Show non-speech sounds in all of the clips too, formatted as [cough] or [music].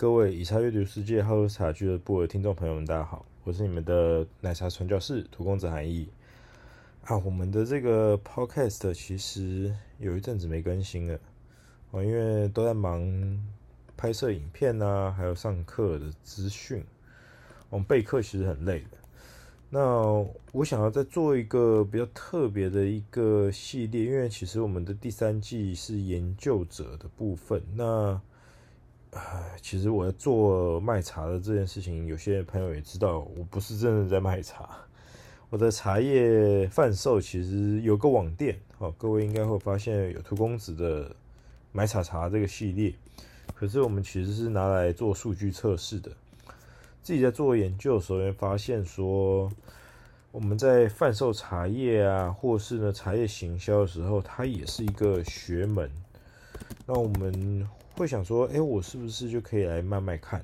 各位以茶閱讀世界好茶俱樂部的聽眾朋友們，大家好，我是你們的奶茶傳教士荼公子韓毅。啊，我們的這個 podcast 其實有一陣子沒更新了，因為都在忙拍攝影片吶、啊，還有上課的資訊。我們備課其實很累的。那我想要再做一個比較特別的一個系列，因為其實我們的第三季是研究者的部分，那。哎，其實我在做賣茶的這件事情，有些朋友也知道，我不是真的在賣茶，我的茶葉販售，其實有個網店，好、哦，各位應該會發現有荼公子的買茶茶這個系列，可是我們其實是拿來做數據測試的，自己在做研究的時候發現說，我們在販售茶葉啊，或是呢茶葉行銷的時候，它也是一個學門，那我們。會想說：“哎，我是不是就可以來賣賣看？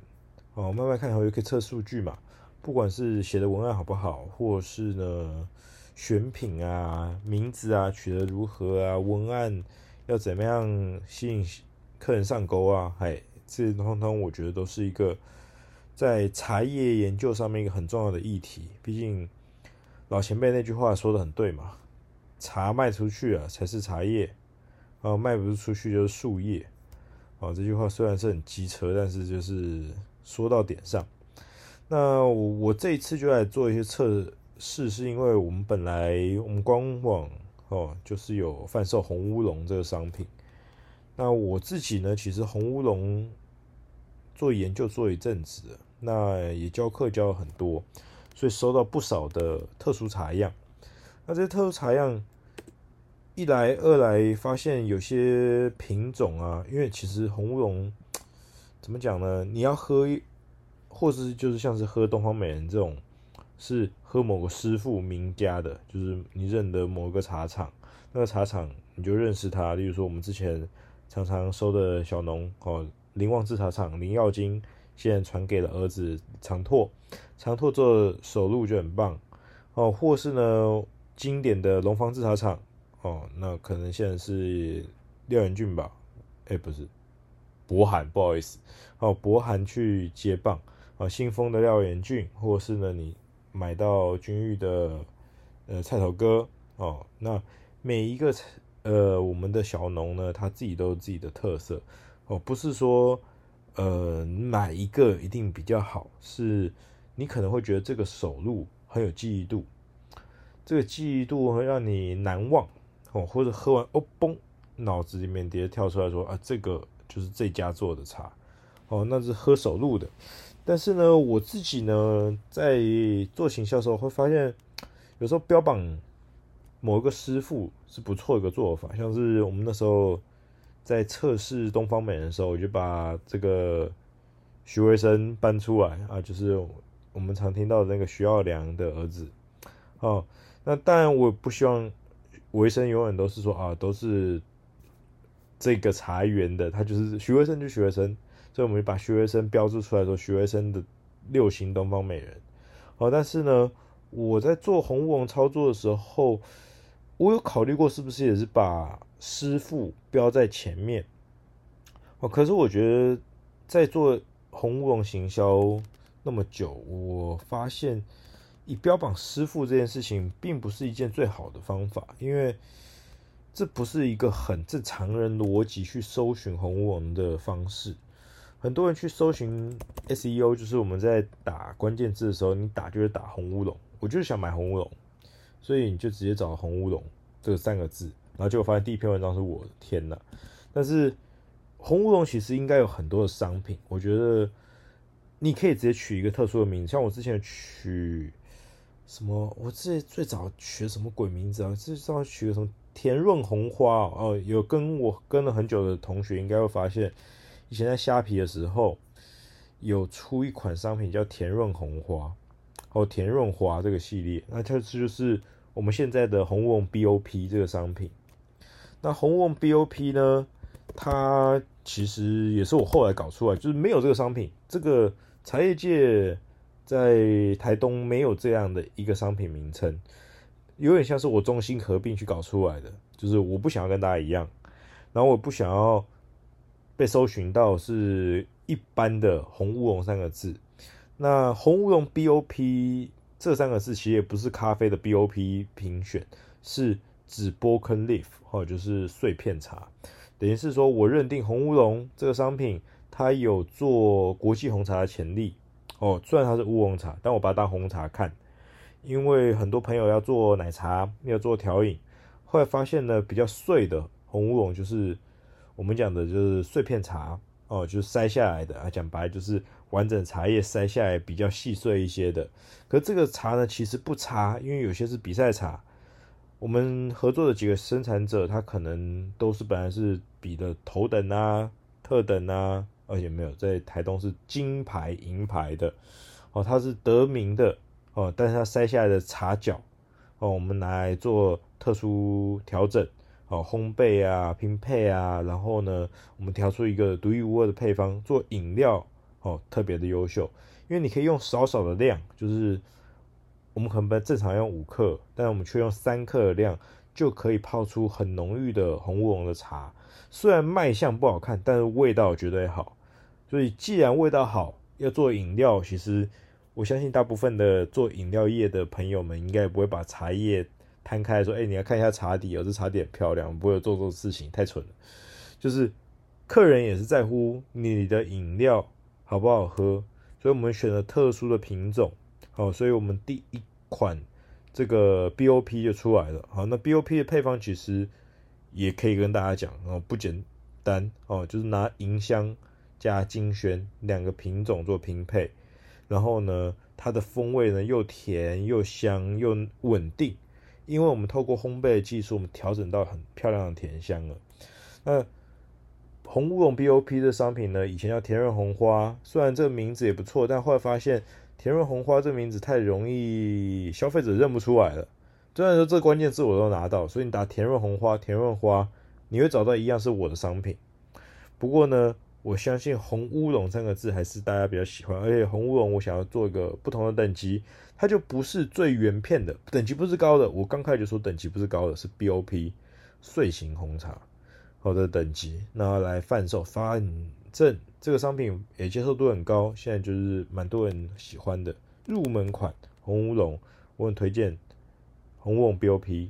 哦，賣賣看，然後又可以測數據嘛？不管是寫的文案好不好，或是呢選品啊、名字啊取得如何啊，文案要怎麼樣吸引客人上鈎啊？哎，這通通我覺得都是一個在茶葉研究上面一個很重要的議題。畢竟老前輩那句話說得很對嘛：茶賣出去了，啊，才是茶葉，啊，呃，賣不出去就是樹葉。”好，這句話雖然是很機車，但是就是說到點上。那我我這一次就來做一些測試，是因為我們本來我們官網哦，就是有販售紅烏龍這個商品。那我自己呢，其實紅烏龍做研究做一陣子，那也教課教了很多，所以收到不少的特殊茶樣。那這些特殊茶樣。一來二來，發現有些品種啊，因為其實紅烏龍怎麼講呢？你要喝，或是就是像是喝東方美人這種，是喝某個師傅名家的，就是你認得某個茶廠，那個茶廠你就認識他。例如說，我們之前常常收的小農哦，林旺製茶廠林耀金，現在傳給了兒子長拓，長拓做手路就很棒哦。或是呢，經典的龍房製茶廠。哦，那可能現在是廖元俊吧？哎、欸，不是，博涵，不好意思。哦，博涵去接棒啊，信、哦、豐的廖元俊，或是呢，你買到君玉的呃菜頭哥。哦，那每一個呃我們的小農呢，他自己都有自己的特色。哦，不是說呃哪一個一定比較好，是你可能會覺得這個手路很有記憶度，這個記憶度會讓你難忘。哦、或者喝完哦嘣，腦子裡面直接跳出來說啊，這個就是這家做的茶，哦，那是喝手路的。但是呢，我自己呢在做行銷時候會發現，有時候標榜某一個師傅是不錯一個做法，像是我們那時候在測試東方美人的時候，我就把這個徐維生搬出來啊，就是我們常聽到的那個徐耀良的兒子。哦，那當然我不希望。維生永遠都是說啊，都是這個茶園的，他就是徐維生，就徐維生，所以我們就把徐維生標注出來，說徐維生的六星東方美人。哦、但是呢，我在做紅烏龍操作的時候，我有考慮過是不是也是把師傅標在前面，哦。可是我覺得在做紅烏龍行銷那麼久，我發現。以標榜師傅這件事情，並不是一件最好的方法，因為這不是一個很正常人邏輯去搜尋紅烏龍的方式。很多人去搜尋 SEO，就是我們在打關鍵字的時候，你打就是打紅烏龍，我就是想買紅烏龍，所以你就直接找紅烏龍這個三個字，然後就發現第一篇文章是我的天哪！但是紅烏龍其實應該有很多的商品，我覺得你可以直接取一個特殊的名字，像我之前取。什麼？我這最早取什麼鬼名字啊？這上取什麼“甜潤紅花哦”哦？有跟我跟了很久的同學應該會發現，以前在蝦皮的時候有出一款商品叫“甜潤紅花”，哦，“甜潤花”這個系列，那它就是我們現在的“紅烏龍 BOP” 這個商品。那“紅烏龍 BOP” 呢？它其實也是我後來搞出來，就是沒有這個商品，這個茶葉界。在台東沒有這樣的一個商品名稱，有點像是我中西合併去搞出來的，就是我不想要跟大家一樣，然後我不想要被搜尋到是一般的紅烏龍三個字。那紅烏龍 BOP 這三個字其實也不是咖啡的 BOP 評選，是指 Broken Leaf，哦，就是碎片茶，等於是說我認定紅烏龍這個商品它有做國際紅茶的潛力。哦，雖然它是烏龍茶，但我把它當紅茶看，因為很多朋友要做奶茶，要做調飲。後來發現呢，比較碎的紅烏龍就是我們講的就是碎片茶，哦，就是篩下來的啊。講白就是完整茶葉篩下來比較細碎一些的。可這個茶呢，其實不差，因為有些是比賽茶。我們合作的幾個生產者，他可能都是本來是比的頭等啊、特等啊。而且沒有在台東是金牌、銀牌的哦，它是得名的哦。但是它篩下來的茶角哦，我們拿來做特殊調整哦，烘焙啊、拼配啊，然後呢，我們調出一個獨一無二的配方做飲料哦，特別的優秀。因為你可以用少少的量，就是我們可能正常用五克，但是我們卻用三克的量就可以泡出很濃郁的紅烏龍的茶。雖然賣相不好看，但是味道絕對好。所以，既然味道好，要做飲料，其實我相信大部分的做飲料業的朋友們應該不會把茶葉攤開說：“哎，你要看一下茶底，這茶底很漂亮。”不會有做這種事情，太蠢了。就是客人也是在乎你的飲料好不好喝，所以我們選了特殊的品種。好，所以我們第一款這個 BOP 就出來了。好，那 BOP 的配方其實也可以跟大家講哦，不簡單哦，就是拿迎香。加金萱兩個品種做拼配，然後呢，它的風味呢，又甜又香又穩定，因為我們透過烘焙的技術，我們調整到很漂亮的甜香了。那紅烏龍 BOP 的商品呢，以前叫甜潤紅花，雖然這個名字也不錯，但後來發現甜潤紅花這名字太容易消費者認不出來了。雖然說這關鍵字我都拿到，所以你打甜潤紅花、甜潤花，你會找到一樣是我的商品。不過呢，我相信“紅烏龍”三個字還是大家比較喜歡，而且紅烏龍我想要做一個不同的等級，它就不是最原片的等級，不是高的。我剛開始就說等級不是高的，是 BOP 碎形紅茶好的等級，那來販售，反正這個商品也接受度很高，現在就是蠻多人喜歡的入門款紅烏龍，我很推薦紅烏龍 BOP，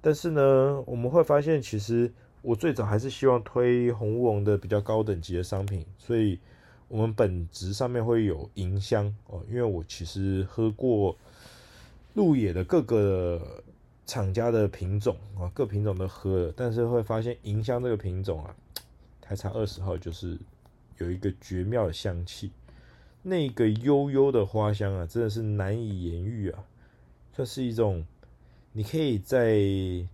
但是呢，我們會發現其實。我最早還是希望推紅烏龍的比較高等級的商品，所以我們本質上面會有迎香哦，因為我其實喝過鹿野的各個廠家的品種啊，各品種都喝了，但是會發現迎香這個品種啊，台茶二十號就是有一個絕妙的香氣，那個幽幽的花香啊，真的是難以言喻啊，這是一種。你可以在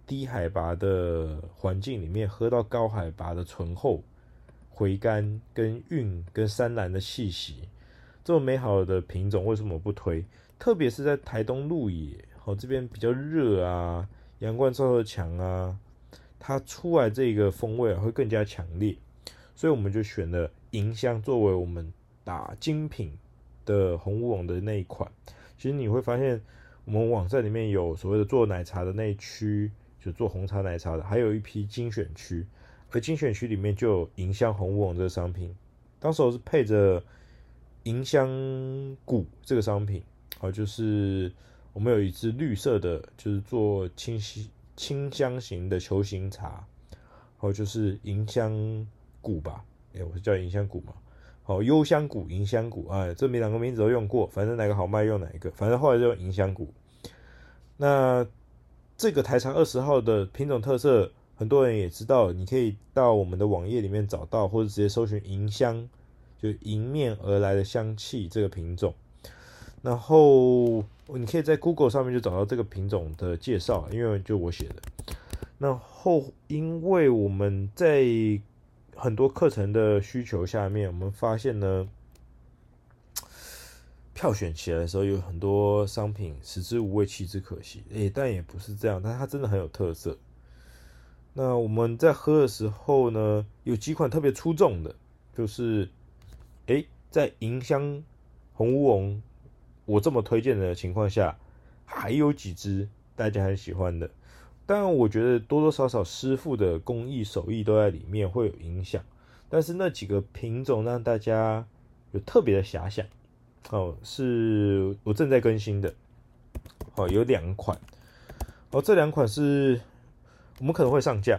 低海拔的環境裡面喝到高海拔的醇厚、回甘跟韻跟山嵐的氣息，這麼美好的品種為什麼不推？特別是在台東鹿野，好、喔、這邊比較熱啊，陽光照射強啊，它出來這個風味、啊、會更加強烈，所以我們就選了迎香作為我們打精品的紅烏龍的那一款。其實你會發現。我們網站裡面有所謂的做奶茶的那一區，就做紅茶、奶茶的，還有一批精選區。而精選區裡面就有迎香紅烏龍這個商品，當時我是配着迎香谷這個商品，好，就是我們有一支綠色的，就是做清新清香型的球形茶，好，就是迎香谷吧，哎、欸，我是叫迎香谷嘛？好，幽香谷、迎香谷，哎，這兩個名字，都用過，反正哪個好賣用哪一個，反正後來就用迎香谷。那這個台茶二十號的品種特色，很多人也知道，你可以到我們的網頁裡面找到，或者直接搜尋“迎香”，就迎面而來的香氣這個品種。然後你可以在 Google 上面就找到這個品種的介紹，因為就我寫的。那後，因為我們在很多課程的需求下面，我們發現呢，票選起來的時候，有很多商品食之無味棄之可惜。哎、欸，但也不是這樣，但它真的很有特色。那我們在喝的時候呢，有幾款特別出眾的，就是哎、欸，在迎香紅烏龍我這麼推薦的情況下，還有幾支大家很喜歡的。但我覺得多多少少師傅的工藝手藝都在裡面會有影響，但是那幾個品種讓大家有特別的遐想，哦，是我正在更新的，哦，有兩款，哦，這兩款是我們可能會上架，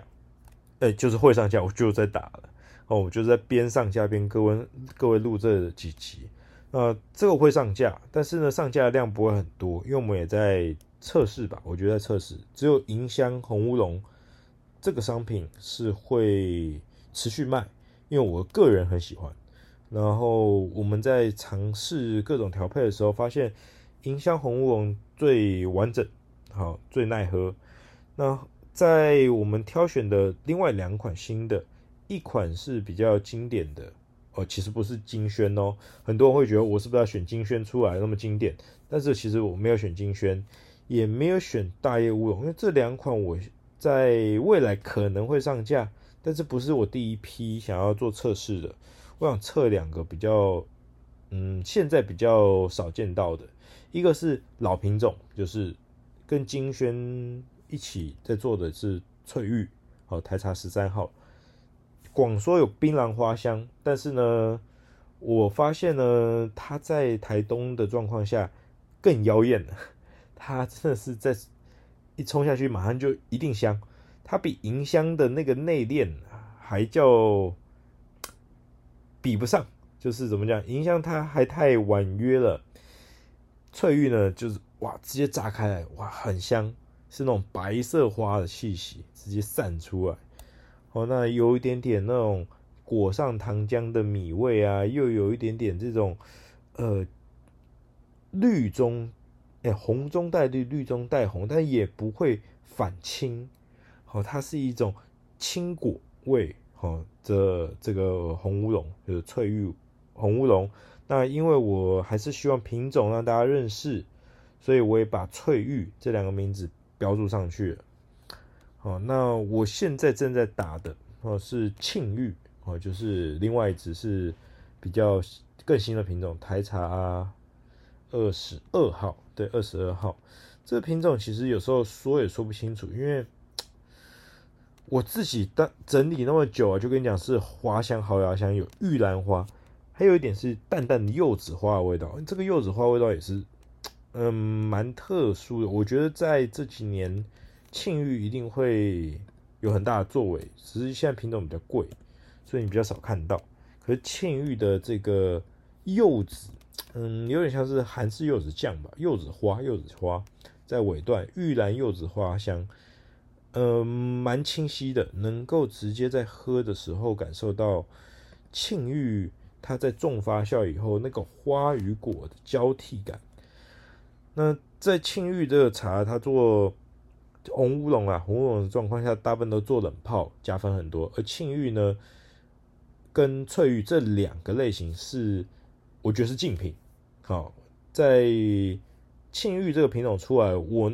哎，欸，就是會上架，我就在打了，哦，我就在邊上架邊各位各位錄這幾集，呃，這個會上架，但是呢上架的量不會很多，因為我們也在。測試吧，我覺得在測試，只有迎香紅烏龍這個商品是會持續賣，因為我個人很喜歡。然後我們在嘗試各種調配的時候，發現迎香紅烏龍最完整，好，最耐喝。那在我們挑選的另外兩款新的，一款是比較經典的哦，其實不是金萱哦，很多人會覺得我是不是要選金萱出來那麼經典？但是其實我沒有選金萱。也沒有選大葉烏龍，因為這兩款我在未來可能會上架，但是不是我第一批想要做測試的。我想測兩個比較，嗯，現在比較少見到的，一個是老品種，就是跟金萱一起在做的是翠玉，好，台茶十三號。廣說有檳榔花香，但是呢，我發現呢，它在台東的狀況下更妖艷了它真的是在一沖下去，馬上就一定香。它比迎香的那個內斂還叫比不上，就是怎麼講？迎香它還太婉約了，翠玉呢就是哇，直接炸開來，哇，很香，是那種白色花的氣息直接散出來。哦，那有一點點那種裹上糖漿的米味啊，又有一點點這種呃綠中。哎，紅中帶綠，綠中帶紅，但也不會反青。哦，它是一種青果味，哦，的這，這個紅烏龍，就是翠玉紅烏龍。那因為我還是希望品種讓大家認識，所以我也把翠玉這兩個名字標註上去了。哦，那我現在正在打的，哦，是沁玉，哦，就是另外一隻是比較更新的品種，台茶二十二號。對，二十二號這個品種其實有時候說也說不清楚，因為我自己當整理那麼久啊，就跟你講是花香、毫牙香，有玉蘭花，還有一點是淡淡的柚子花的味道。這個柚子花味道也是，嗯、呃，蠻特殊的。我覺得在這幾年，沁玉一定會有很大的作為，只是現在品種比較貴，所以你比較少看到。可是沁玉的這個柚子。嗯，有點像是韓式柚子醬吧，柚子花，柚子花在尾段，玉蘭柚子花香，嗯，蠻清晰的，能夠直接在喝的時候感受到沁玉它在重發酵以後那個花與果的交替感。那在沁玉這個茶，它做紅烏龍啊，紅烏龍的狀況下，大部分都做冷泡，加分很多。而沁玉呢，跟翠玉這兩個類型是，我覺得是競品，好，在沁玉這個品種出來，我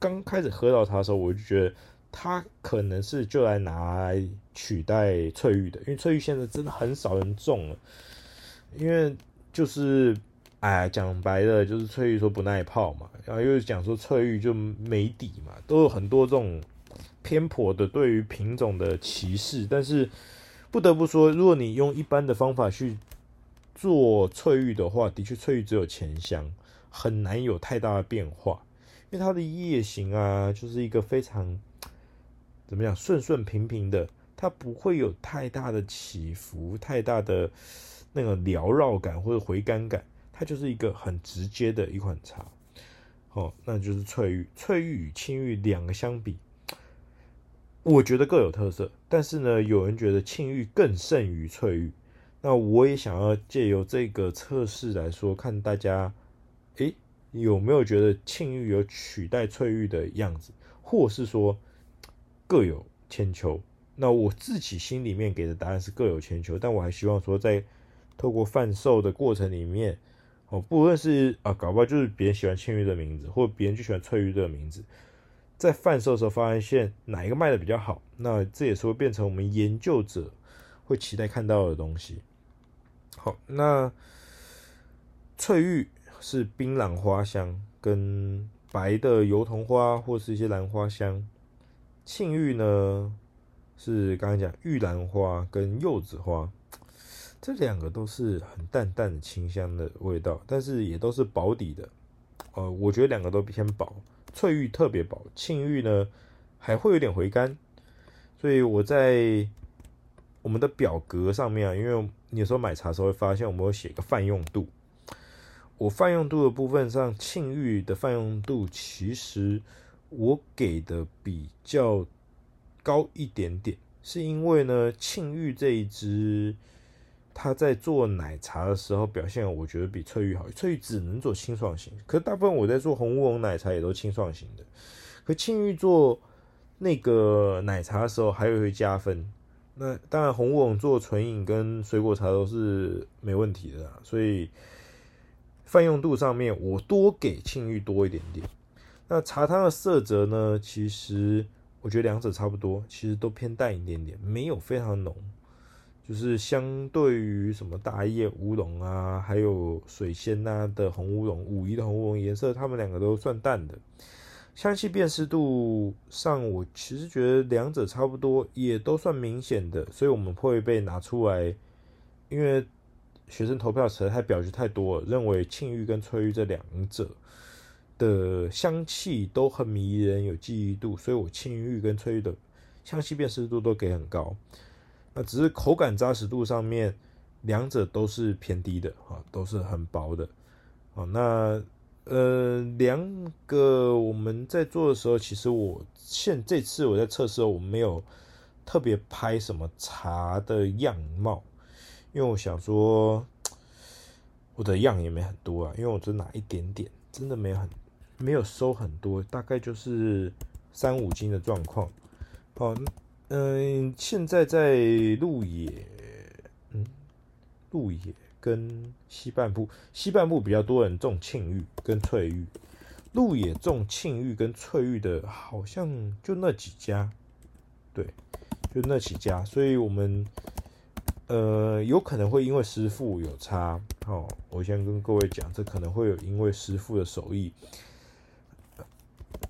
剛開始喝到它的時候，我就覺得它可能是就來拿來取代翠玉的，因為翠玉現在真的很少人種了，因為就是哎，講白了就是翠玉說不耐泡嘛，然後又講說翠玉就沒底嘛，都有很多這種偏頗的對於品種的歧視。但是不得不說，如果你用一般的方法去。做翠玉的話，的確翠玉只有前香，很難有太大的變化，因為它的葉形啊，就是一個非常怎麼講順順平平的，它不會有太大的起伏、太大的那個繚繞感或者回甘感，它就是一個很直接的一款茶。哦，那就是翠玉。翠玉與沁玉兩個相比，我覺得各有特色，但是呢，有人覺得沁玉更勝於翠玉。那我也想要借由這個測試來說，看大家，誒，有沒有覺得沁玉有取代翠玉的樣子，或是說各有千秋？那我自己心裡面給的答案是各有千秋，但我還希望說，在透過販售的過程裡面，哦，不論是啊，搞不好就是別人喜歡沁玉的名字，或者別人就喜歡翠玉這個名字，在販售的時候發現哪一個賣得比較好，那這也是會變成我們研究者會期待看到的東西。好，那翠玉是檳榔花香跟白的油桐花，或是一些蘭花香。沁玉呢是剛剛講玉蘭花跟柚子花，這兩個都是很淡淡的清香的味道，但是也都是薄底的。呃，我覺得兩個都偏薄，翠玉特別薄，沁玉呢還會有點回甘。所以我在我們的表格上面啊，因為你有時候買茶的時候會發現，我們會寫一個泛用度。我泛用度的部分上，沁玉的泛用度其實我給的比較高一點點，是因為呢，沁玉這一支，它在做奶茶的時候表現，我覺得比翠玉好。翠玉只能做清爽型，可是大部分我在做紅烏龍奶茶也都清爽型的，可沁玉做那個奶茶的時候還會加分。那當然，紅烏龍做純飲跟水果茶都是沒問題的啦，所以泛用度上面我多給沁玉多一點點。那茶湯的色澤呢？其實我覺得兩者差不多，其實都偏淡一點點，沒有非常濃。就是相對於什麼大葉烏龍啊，還有水仙啊的紅烏龍，武夷的紅烏龍顏色，它們兩個都算淡的。香氣辨識度上，我其實覺得兩者差不多，也都算明顯的，所以我們會被拿出來，因為學生投票實在太表決太多了，認為沁玉跟翠玉這兩者的香氣都很迷人，有記憶度，所以我沁玉跟翠玉的香氣辨識度都給很高。那只是口感扎實度上面，兩者都是偏低的啊，都是很薄的，啊，那。呃，兩個我們在做的時候，其實我現在這次我在測試，我沒有特別拍什麼茶的樣貌，因為我想說我的樣也沒很多啊，因為我只拿一點點，真的沒有很沒有收很多，大概就是三五斤的狀況。好，嗯、呃，現在在鹿野，嗯，鹿野。跟西半部，西半部比較多人種沁玉跟翠玉，鹿野種沁玉跟翠玉的，好像就那幾家，對，就那幾家。所以我們呃，有可能會因為師傅有差哦。我先跟各位講，這可能會有因為師傅的手藝。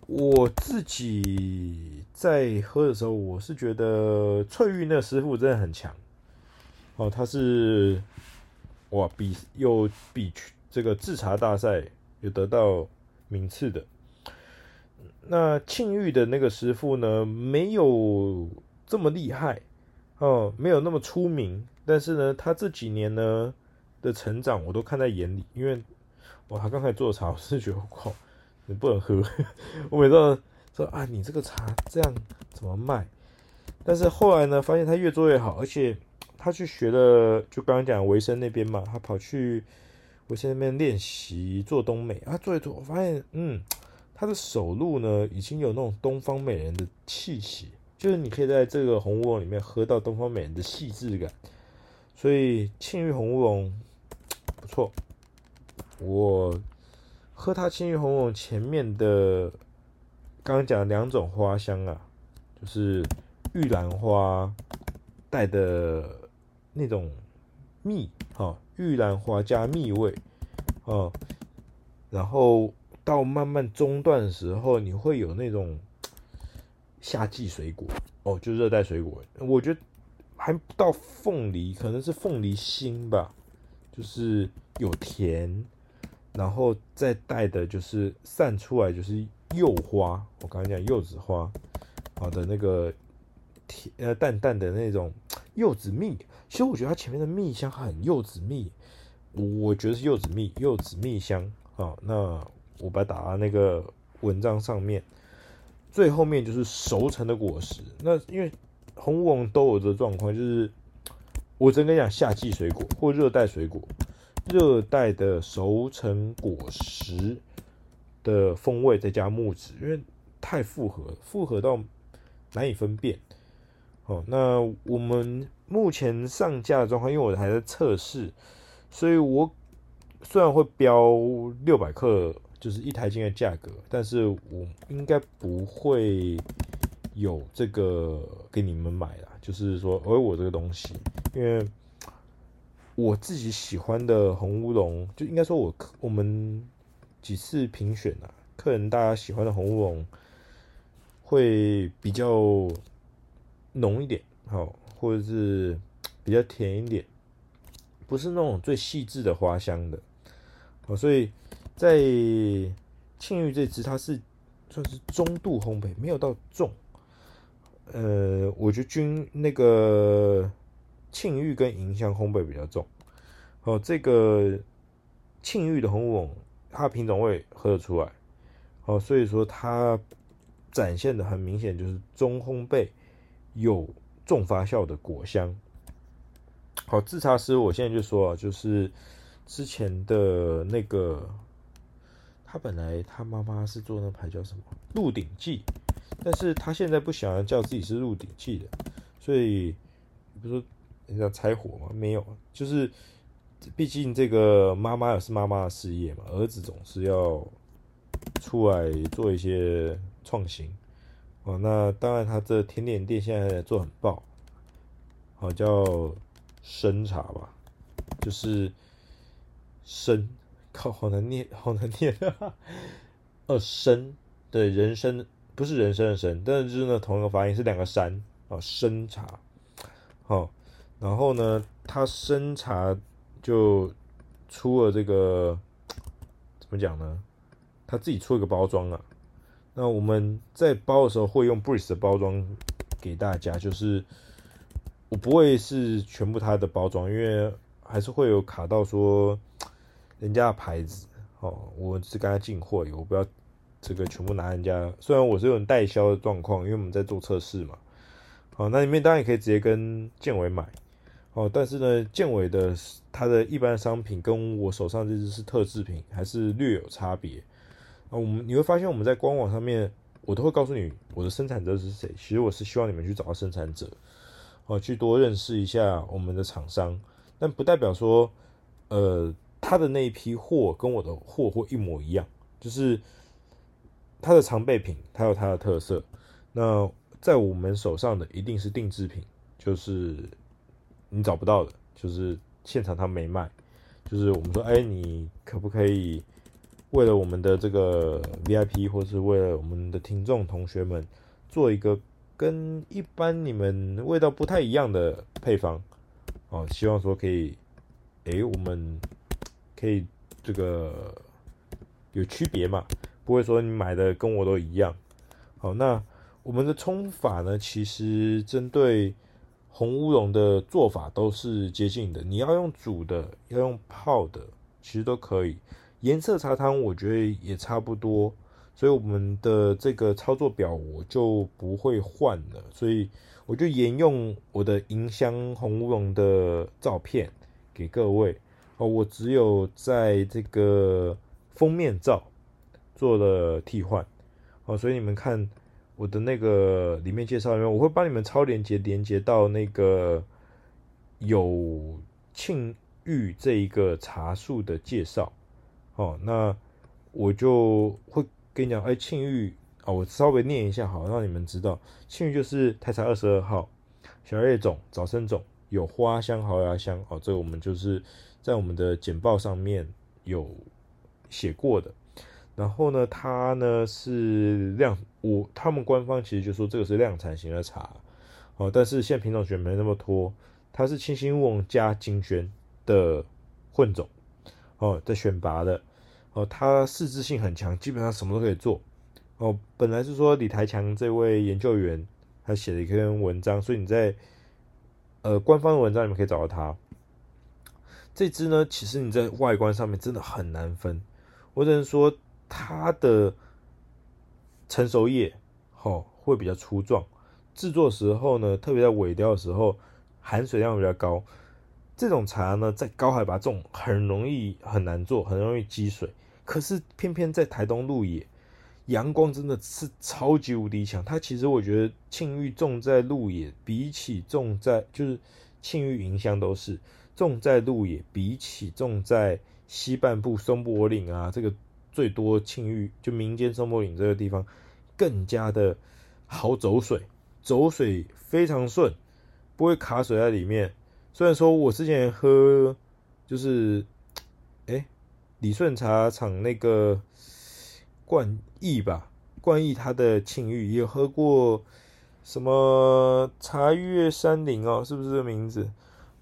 我自己在喝的時候，我是覺得翠玉那師傅真的很強，哦，他是。哇，比有比去這個製茶大賽有得到名次的。那沁玉的那個師傅呢，沒有這麼厲害哦，沒有那麼出名。但是呢，他這幾年呢的成長我都看在眼裡。因為，哇，他剛才做的茶，我是覺得靠，你不能喝。 [laughs] 我每次說啊，你這個茶這樣怎麼賣？但是後來呢，發現他越做越好，而且。他去學了，就剛剛講維生那邊嘛，他跑去維生那邊練習做東美啊，做一做，我發現，嗯，他的手路呢已經有那種東方美人的氣息，就是你可以在這個紅烏龍裡面喝到東方美人的細緻感。所以沁玉紅烏龍不錯，我喝它沁玉紅烏龍前面的，剛剛講的兩種花香啊，就是玉蘭花帶的。那種蜜哈，玉、哦、蘭花加蜜味啊、哦，然後到慢慢中段的時候，你會有那種夏季水果哦，就熱帶水果，我覺得還不到鳳梨，可能是鳳梨心吧，就是有甜，然後再帶的就是散出來就是柚花，我剛才講柚子花，好、哦、的那個甜呃淡淡的那種柚子蜜。其實我覺得它前面的蜜香很柚子蜜，我覺得是柚子蜜，柚子蜜香啊。那我把它打到那個文章上面。最後面就是熟成的果實。那因為紅烏龍都有的狀況，就是我整個講夏季水果或熱帶水果，熱帶的熟成果實的風味，再加木質，因為太複合，複合到難以分辨。哦，那我們。目前上架的狀況，因為我還在測試，所以我雖然會標六百克，就是一台斤的價格，但是我應該不會有這個給你們買啦。就是說，而、哎、我有這個東西，因為我自己喜歡的紅烏龍，就應該說我我們幾次評選啊，客人大家喜歡的紅烏龍會比較濃一點，好。或者是比較甜一點，不是那種最細緻的花香的哦。所以在沁玉這支，它是算是中度烘焙，沒有到重。呃，我覺得君那個沁玉跟迎香烘焙比較重哦。這個沁玉的紅烏龍，它品種會喝得出來哦。所以說它展現的很明顯就是中烘焙有。重發酵的果香，好，製茶師，我現在就說啊，就是之前的那個，他本來他媽媽是做那牌叫什麼《鹿鼎記》，但是他現在不想要叫自己是《鹿鼎記》的，所以不是說人家拆夥嘛，沒有，就是畢竟這個媽媽也是媽媽的事業嘛，兒子總是要出來做一些創新。哦，那當然，他這甜點店現在做很爆，哦，叫參茶吧，就是參，靠，好難念，好難念啊，呃、哦，參，對，人參，不是人參的參，但是呢，同一個發音，是兩個山，哦，參茶，哦，然後呢，他參茶就出了這個，怎麼講呢？他自己出了一個包裝啊。那我們在包的時候會用 Bris 的包裝給大家，就是我不會是全部它的包裝，因為還是會有卡到說人家的牌子哦。我只跟他進貨，我不要這個全部拿人家。雖然我是有點代銷的狀況，因為我們在做測試嘛。哦，那裡面當然也可以直接跟建偉買哦，但是呢，建偉的它的一般商品跟我手上這支是特製品，還是略有差別。啊，我們你會發現我們在官網上面，我都會告訴你我的生產者是誰。其實我是希望你們去找到生產者，啊、呃，去多認識一下我們的廠商。但不代表說，呃，他的那一批貨跟我的貨會一模一樣，就是他的常備品，它有它的特色。那在我們手上的一定是定制品，就是你找不到的，就是現場他沒賣，就是我們說，哎，你可不可以？為了我們的這個 VIP 或是為了我們的聽眾同學們做一個跟一般你們味道不太一樣的配方哦，希望說可以，誒，我們可以這個有區別嘛？不會說你買的跟我都一樣。好，那我們的沖法呢，其實針對紅烏龍的做法都是接近的，你要用煮的，要用泡的，其實都可以。顏色茶湯我覺得也差不多，所以我們的這個操作表我就不會換了，所以我就沿用我的迎香紅烏龍的照片給各位。哦，我只有在這個封面照做了替換。哦，所以你們看我的那個裡面介紹裡面，我會幫你們超連接，連接到那個有沁玉這一個茶樹的介紹。哦，那我就會跟你講，哎、欸，沁玉啊、哦，我稍微念一下，好，讓你們知道，沁玉就是台茶二十二號，小葉種、早生種，有花香、毫芽香，哦，這個我們就是在我們的簡報上面有寫過的。然後呢，它呢是量，我他們官方其實就說這個是量產型的茶，哦，但是現在品種選沒那麼多，它是青心烏龍加金萱的混種，哦，在選拔的。哦，它適制性很強，基本上什麼都可以做。哦，本來是說李台強這位研究員他寫了一篇文章，所以你在呃官方的文章裡面可以找到他。這支呢，其實你在外觀上面真的很難分。我只能說它的成熟葉哦會比較粗壯，制作的時候呢，特別在萎凋的時候含水量比較高。這種茶呢，在高海拔種很容易很難做，很容易積水。可是偏偏在台東鹿野，陽光真的是超級無敵強。它其實我覺得沁玉種在鹿野，比起種在就是沁玉迎香都是種在鹿野，比起種在西半部松柏嶺啊，這個最多沁玉就名間松柏嶺這個地方更加的好走水，走水非常順，不會卡水在裡面。雖然說我之前喝就是。李順茶廠那個冠益吧，冠益他的沁玉，有喝過什麼茶月山林哦？是不是這名字？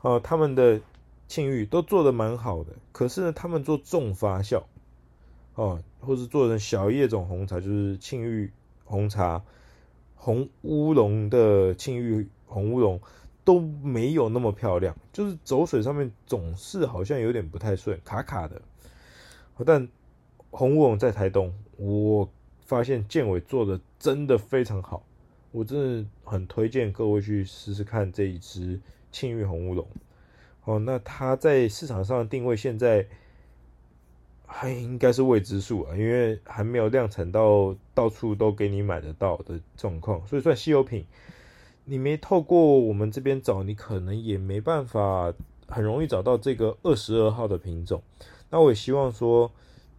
哦，他們的沁玉都做得蠻好的，可是呢，他們做重發酵哦，或是做成小葉種紅茶，就是沁玉紅茶、紅烏龍的沁玉紅烏龍都沒有那麼漂亮，就是走水上面總是好像有點不太順，卡卡的。但紅烏龍在台東，我發現建偉做的真的非常好，我真的很推薦各位去試試看這一支沁玉紅烏龍。哦，那它在市場上的定位現在還應該是未知數啊，因為還沒有量產到到處都給你買得到的狀況，所以算稀有品。你沒透過我們這邊找，你可能也沒辦法很容易找到這個二十二號的品種。那我也希望說，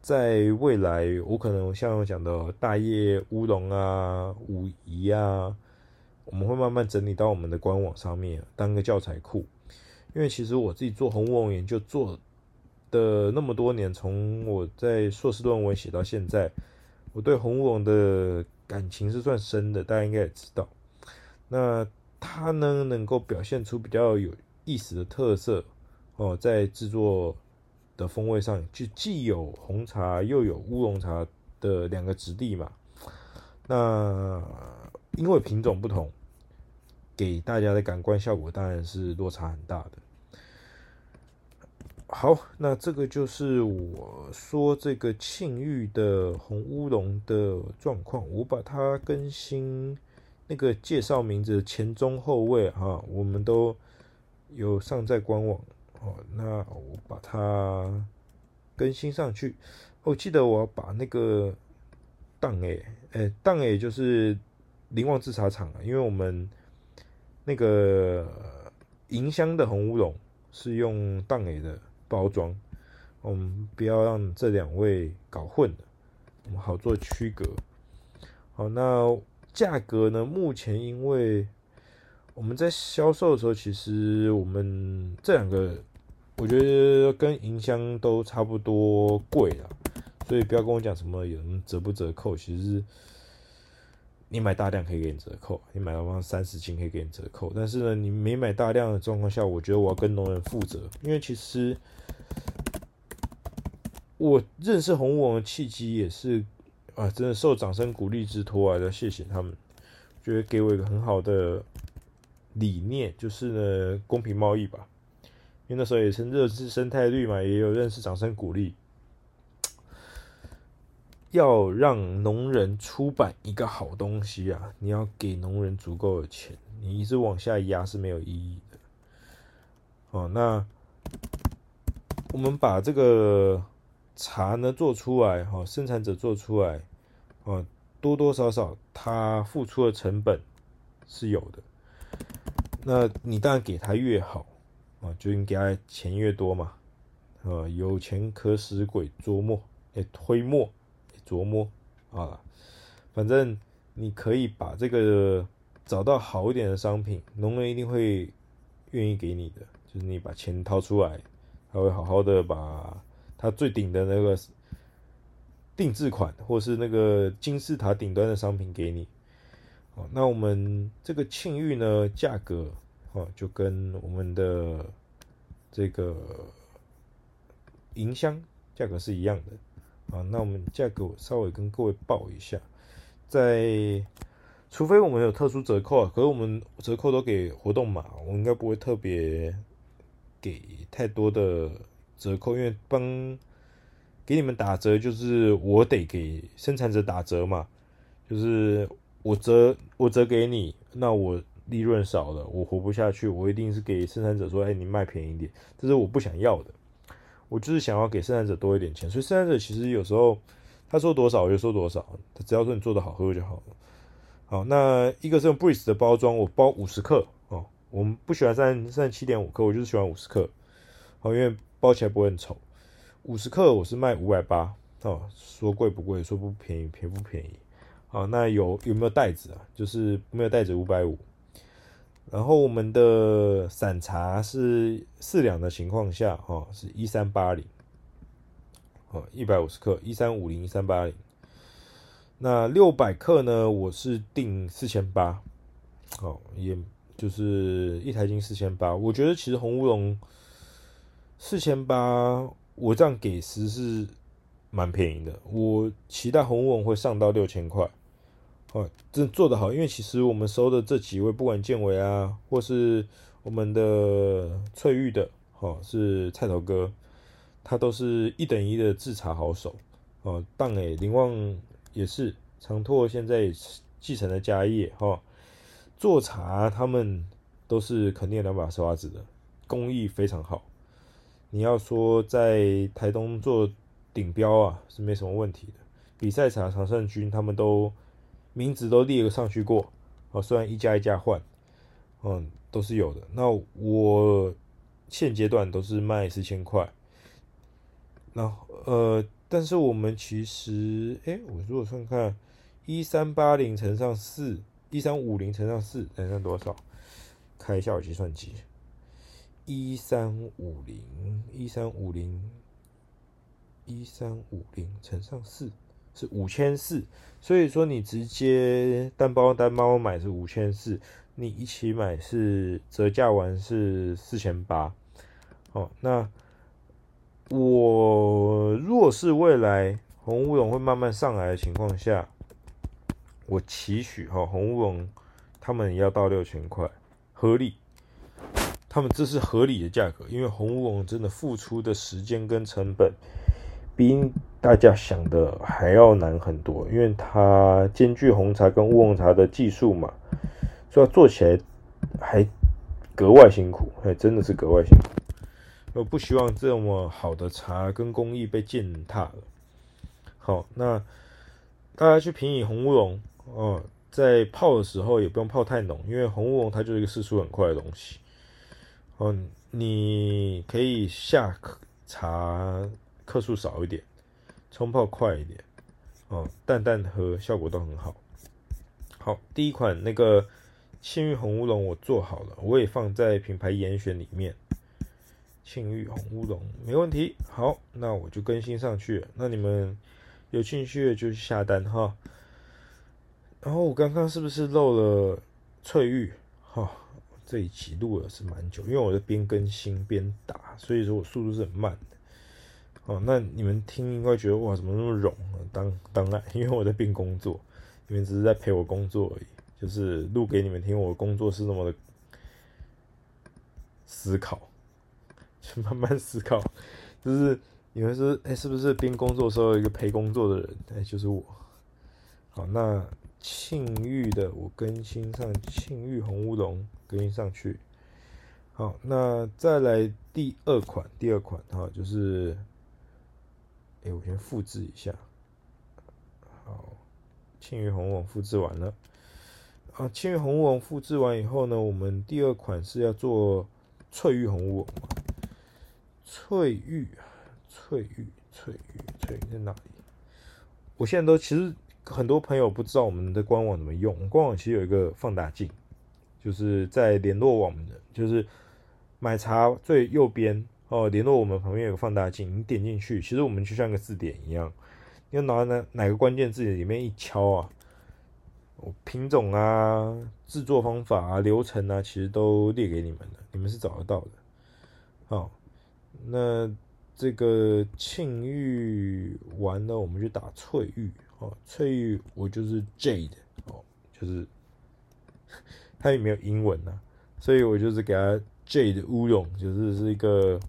在未來，我可能像我講的大葉烏龍啊、武夷啊，我們會慢慢整理到我們的官網上面當個教材庫。因為其實我自己做紅烏龍研究做的那麼多年，從我在碩士論文寫到現在，我對紅烏龍的感情是算深的，大家應該也知道。那它呢，能夠表現出比較有意思的特色哦，在制作，的風味上就既有紅茶又有烏龍茶的兩個質地嘛，那因為品種不同，給大家的感官效果當然是落差很大的。好，那這個就是我說這個沁玉的紅烏龍的狀況，我把它更新那個介紹名字的前中後味哈，我們都有上在官網。哦，那好，我把它更新上去。我、哦、記得我把那個檔誒、欸，誒，檔誒，就是林旺製茶廠啊，因為我們那個迎香的紅烏龍是用檔誒的包裝，我們不要讓這兩位搞混，我們好做區隔。好，那價格呢？目前因為我們在銷售的時候，其實我們這兩個。我覺得跟迎香都差不多貴了，所以不要跟我講什麼有什麼折不折扣。其實你買大量可以給你折扣，你買的話三十斤可以給你折扣。但是呢，你沒買大量的狀況下，我覺得我要跟農人負責，因為其實我認識紅烏龍的契機也是啊，真的受掌聲鼓勵之托啊，要謝謝他們，覺得給我一個很好的理念，就是呢，公平貿易吧。因為那時候也是熱支生態綠嘛，也有認識掌聲鼓勵。要讓農人出版一個好東西啊，你要給農人足夠的錢，你一直往下壓是沒有意義的。哦，那我們把這個茶呢做出來，哈，生產者做出來，哦，多多少少他付出的成本是有的。那你當然給他越好。啊，就應該錢越多嘛，啊，有錢可使鬼捉摸，來推磨，也琢磨啊反正你可以把這個找到好一點的商品，農人一定會願意給你的，就是你把錢掏出來，他會好好的把他最頂的那個定制款，或是那個金字塔頂端的商品給你。好，那我們這個沁玉呢，價格。就跟我們的這個迎香價格是一樣的啊。那我們價格稍微跟各位報一下，在除非我們有特殊折扣啊，可是我們折扣都給活動嘛，我應該不會特別給太多的折扣，因為幫給你們打折就是我得給生產者打折嘛，就是我折，我折給你，那我。利潤少了，我活不下去。我一定是給生產者說：“哎、欸，你賣便宜一點。”這是我不想要的。我就是想要給生產者多一點錢。所以生產者其實有時候他說多少我就收多少，他只要說你做的好喝就好了。好，那一個是用 Breeze 的包裝，我包五十克哦。我們不喜歡三三十七點五克，我就是喜歡五十克。好、哦，因為包起來不會很醜。五十克我是賣五百八哦，說貴不貴，說不便宜，便不便宜。好、啊，那有有沒有袋子啊？就是沒有袋子五百五。然後我們的散茶是四兩的情況下，哈，是一三八零，哦，一百五十克一三五零一三八零，那六百克呢？我是定四千八，哦，也就是一台斤四千八。我覺得其實紅烏龍四千八，我這樣給時是蠻便宜的。我期待紅烏龍會上到六千塊。哦，這做得好！因為其實我們收的這幾位，不管建偉啊，或是我們的翠玉的，哦，是菜頭哥，他都是一等一的製茶好手。哦，當誒林旺也是，長拓現在繼承了家業，哈、哦，做茶他們都是肯定有兩把刷子的，工藝非常好。你要說在台東做頂標啊，是沒什麼問題的。比賽茶，常勝軍他們都。名字都列個上去過，啊，雖然一家一家換，嗯，都是有的。那我現階段都是賣四千塊，然後呃，但是我們其實，哎、欸，我如果算看，一三八零乘上四，一三五零乘上四等於多少？開一下我計算機，一三五零，一三五零，一三五零乘上四。是五千四，所以說你直接單包單包買是五千四，你一起買是折價完是四千八。哦，那我若是未來紅烏龍會慢慢上來的情況下，我期許哈、哦、紅烏龍他們要到六千塊，合理，他們這是合理的價格，因為紅烏龍真的付出的時間跟成本。比大家想的還要難很多，因為它兼具紅茶跟烏龍茶的技術嘛，所以它做起來還格外辛苦，還、欸、真的是格外辛苦、嗯。我不希望這麼好的茶跟工藝被踐踏了。好，那大家去品飲紅烏龍哦，在泡的時候也不用泡太濃，因為紅烏龍它就是一個釋出很快的東西，嗯，你可以下茶。克數少一點，沖泡快一點，啊、哦，淡淡喝效果都很好。好，第一款那個沁玉紅烏龍我做好了，我也放在品牌嚴選裡面。沁玉紅烏龍沒問題。好，那我就更新上去了。那你們有興趣的就下單哈。然後、哦、我剛剛是不是漏了翠玉？哈、哦，這一期錄了是蠻久，因為我在邊更新邊打，所以說我速度是很慢。哦，那你們聽應該覺得哇，怎麼那麼冗？當當然，因為我在邊工作，你們只是在陪我工作而已，就是錄給你們聽。我工作是那麼的思考，去慢慢思考，就是你們說，哎、欸，是不是邊工作的時候有一個陪工作的人？哎、欸，就是我。好，那沁玉的我更新上沁玉紅烏龍更新上去。好，那再來第二款，第二款哈、哦，就是。哎，我先複製一下。好，沁玉紅烏龍複製完了。啊，沁玉紅烏龍複製完以後呢，我們第二款是要做翠玉紅烏龍。翠玉，翠玉，翠玉，翠玉在哪裡？我現在都其實很多朋友不知道我們的官網怎麼用。官網其實有一個放大鏡，就是在聯絡我們的，就是買茶最右邊。哦，聯絡我們旁邊有個放大鏡，你點進去，其實我們就像個字典一樣，你要拿哪哪個關鍵字裡面一敲啊，品種啊、製作方法啊、流程啊，其實都列給你們的，你們是找得到的。好，那這個沁玉完了，我們就打翠玉。哦，翠玉我就是 Jade 哦，就是它也沒有英文啊，所以我就是給它 Jade 的烏龍，就是是一個。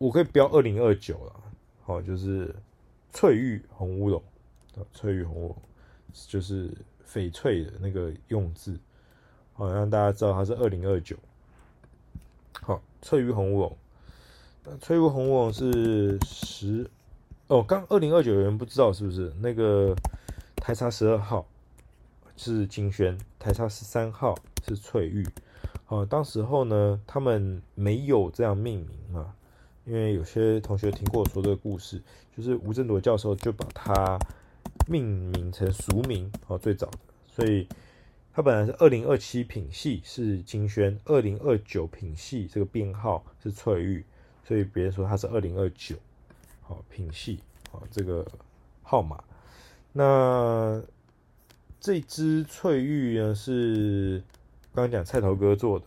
我可以標二零二九了，好，就是翠玉紅烏龍，翠玉紅，就是翡翠的那個用字，好，讓大家知道它是二零二九。好，翠玉紅烏龍，那翠玉紅烏龍是十，哦，剛二零二九有人不知道是不是？那個台茶十二號是金萱，台茶十三號是翠玉，好，當時候呢，他們沒有這樣命名啊。因為有些同學聽過我說這個故事，就是吳振鐸教授就把它命名成俗名哦，最早的，所以它本來是二零二七品系是金萱，二零二九品系這個編號是翠玉，所以別人說它是二零二九，好品系，好、哦、這個號碼。那這支翠玉呢，是剛剛講菜頭哥做的，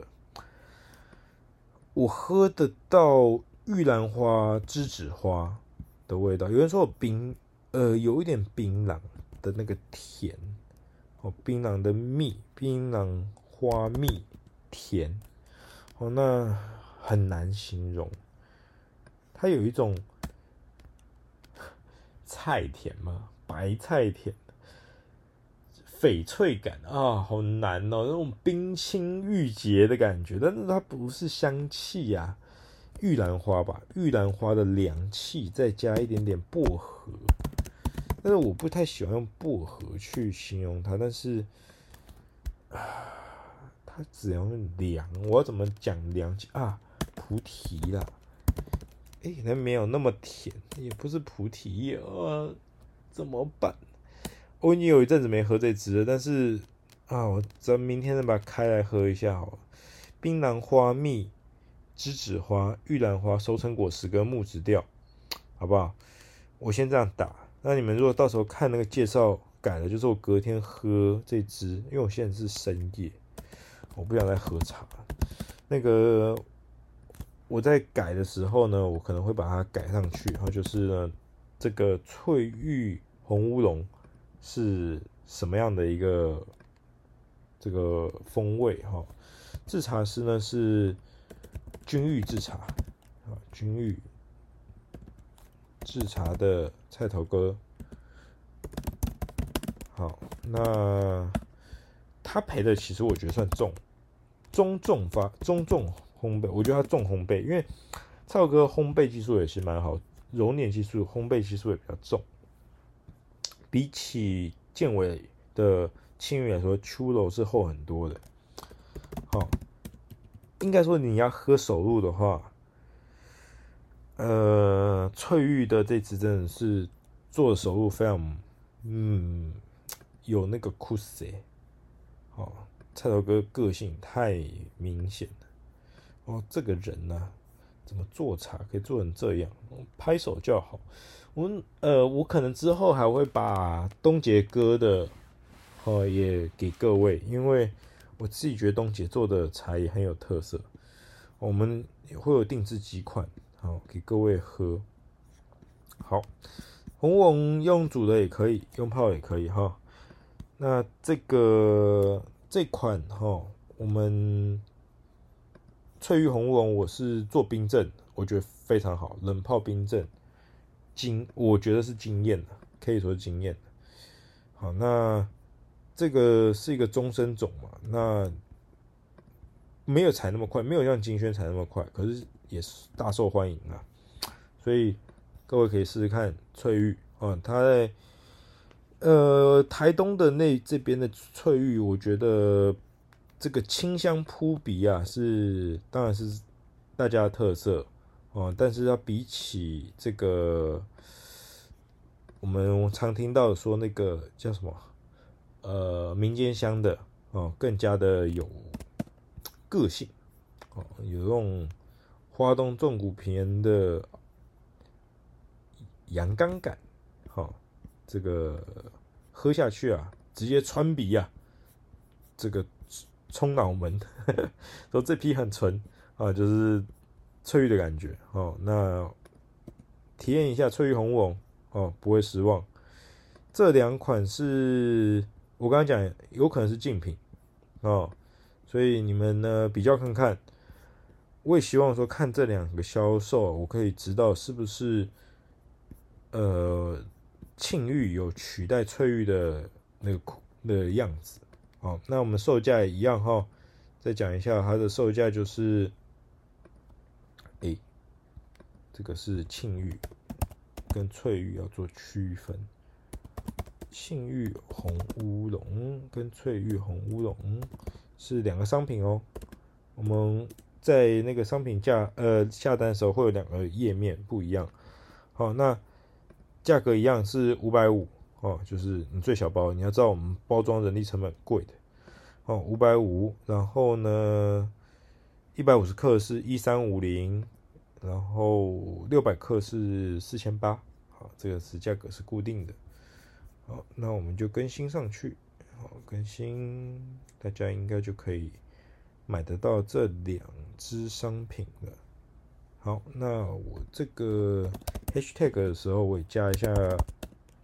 我喝得到。玉蘭花、梔子花的味道，有人說我冰，呃，有一點檳榔的那個甜，哦，檳榔的蜜，檳榔花蜜甜，哦，那很難形容。它有一種菜甜嘛，白菜甜？翡翠感啊、哦，好難哦，那種冰清玉潔的感覺，但是它不是香氣呀、啊。玉蘭花吧，玉蘭花的涼氣，再加一點點薄荷，但是我不太喜歡用薄荷去形容它，但是，啊、它只要用涼，我怎麼講涼氣啊？菩提啦，哎、欸，可能沒有那麼甜，也不是菩提葉、啊、怎麼辦？我已經有一陣子沒喝這支了，但是啊，我咱明天再把它開來喝一下好了，檳榔花蜜。梔子花、玉蘭花、收成果實跟木質調，好不好？我先這樣打。那你們如果到時候看那個介紹改了，就是我隔天喝這支，因為我現在是深夜，我不想再喝茶。那個我在改的時候呢，我可能會把它改上去。然後就是呢，這個翠玉紅烏龍是什麼樣的一個這個風味，哈，制茶師呢是。君玉製茶，啊，君玉製茶的菜頭哥，好，那他焙的其實我覺得算重，中重，重發，中重，重烘焙，我覺得他重烘焙，因為菜頭哥烘焙技術也是蠻好，揉捻技術、烘焙技術也比較重，比起建偉的沁玉來說，出肉是厚很多的，好。應該說，你要喝手入的話，呃，翠玉的這支真的是做手入非常，嗯，有那個酷色。好，哦，菜頭哥個性太明顯了。哦，這個人呢，啊，怎麼做茶可以做成這樣，拍手叫好。我，呃，我可能之後還會把東杰哥的，哦，也給各位，因為。我自己覺得東杰做的茶也很有特色，我們也會有定製幾款好，好給各位喝。好，紅烏龍用煮的也可以，用泡也可以哈。那這個這款哈，我們翠玉紅烏龍，我是做冰鎮，我覺得非常好，冷泡冰鎮，經我覺得是驚艷的，可以說是驚艷的。好，那。這個是一個中生種嘛，那沒有採那麼快，沒有像金萱採那麼快，可是也是大受歡迎啊。所以各位可以試試看翠玉啊、嗯，它在呃台東的那這邊的翠玉，我覺得這個清香撲鼻啊，是當然是大家的特色啊、嗯，但是要比起這個我們我常聽到說那個叫什麼？呃，民間香的哦，更加的有個性哦，有這種花東縱谷平原的陽剛感，好、哦，這個喝下去啊，直接穿鼻啊，這個衝腦門呵呵，說這批很純啊，就是翠玉的感覺哦，那體驗一下翠玉紅烏龍哦，不會失望，這兩款是。我剛剛講有可能是競品，哦，所以你們呢，比較看看，我也希望說看這兩個銷售，我可以知道是不是，呃，沁玉有取代翠玉的那個那個樣子，哦，那我們售價也一樣哈，哦，再講一下它的售價就是，誒這個是沁玉跟翠玉要做區分。沁玉紅烏龍跟翠玉紅烏龍是兩個商品哦，我們在那個商品價呃下單的時候會有兩個頁面不一樣。好，那價格一樣是五百五哦，就是你最小包你要知道我們包裝人力成本貴的哦，五百五，然後呢一百五十克是一三五零，然後六百克是四千八，啊，這個是價格是固定的。好，那我們就更新上去。好，更新，大家應該就可以買得到這兩支商品了。好，那我這個 hashtag 的時候，我也加一下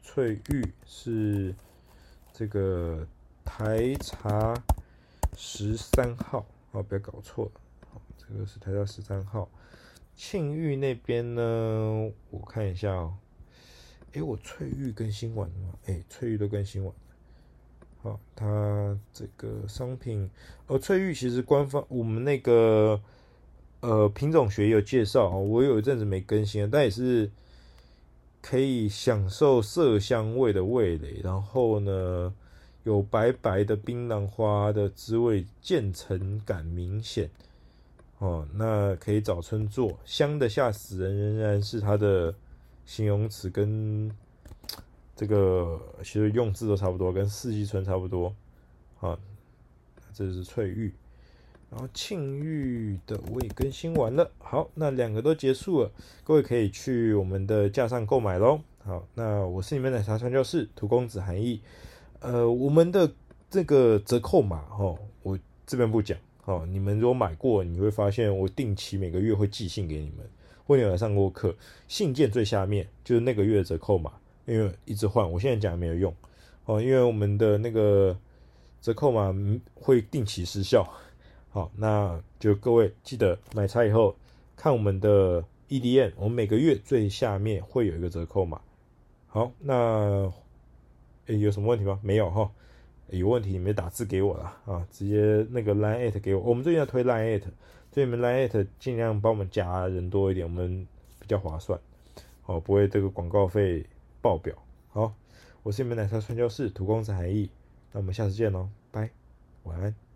翠玉，是這個台茶十三號。哦，不要搞錯。這個是台茶十三號。沁玉那邊呢？我看一下哦、喔。哎，我翠玉更新完了嗎？哎，翠玉都更新完了。好，它這個商品，呃、哦，翠玉其實官方我們那個呃品種學有介紹，我有一陣子沒更新了，但也是可以享受色香味的味蕾。然後呢，有白白的檳榔花的滋味，漸層感明顯。哦，那可以早春做，香的嚇死人，仍然是它的。形容詞跟這個其實用字都差不多，跟四季春差不多啊。這是翠玉，然後沁玉的我也更新完了。好，那兩個都結束了，各位可以去我們的架上購買嘍。好，那我是你們奶茶傳教士荼公子韓毅，呃，我們的這個折扣碼哦，我這邊不講哦。你們如果買過，你會發現我定期每個月會寄信給你們。我會員上過課，信件最下面就是那個月的折扣碼，因為一直換，我現在講沒有用，哦，因為我們的那個折扣碼會定期失效，好、哦，那就各位記得買茶以後看我們的 EDM，我們每個月最下面會有一個折扣碼，好，那誒有什麼問題嗎？沒有哈、哦，有問題你們打字給我啦。啊，直接那個 Line it 給我，我們最近要推 Line it。所以你們來 at，盡量幫我們加人多一點，我們比較划算，哦，不會這個廣告費爆表。好，我是你們奶茶傳教士荼公子漢壹，那我們下次見嘍，拜，晚安。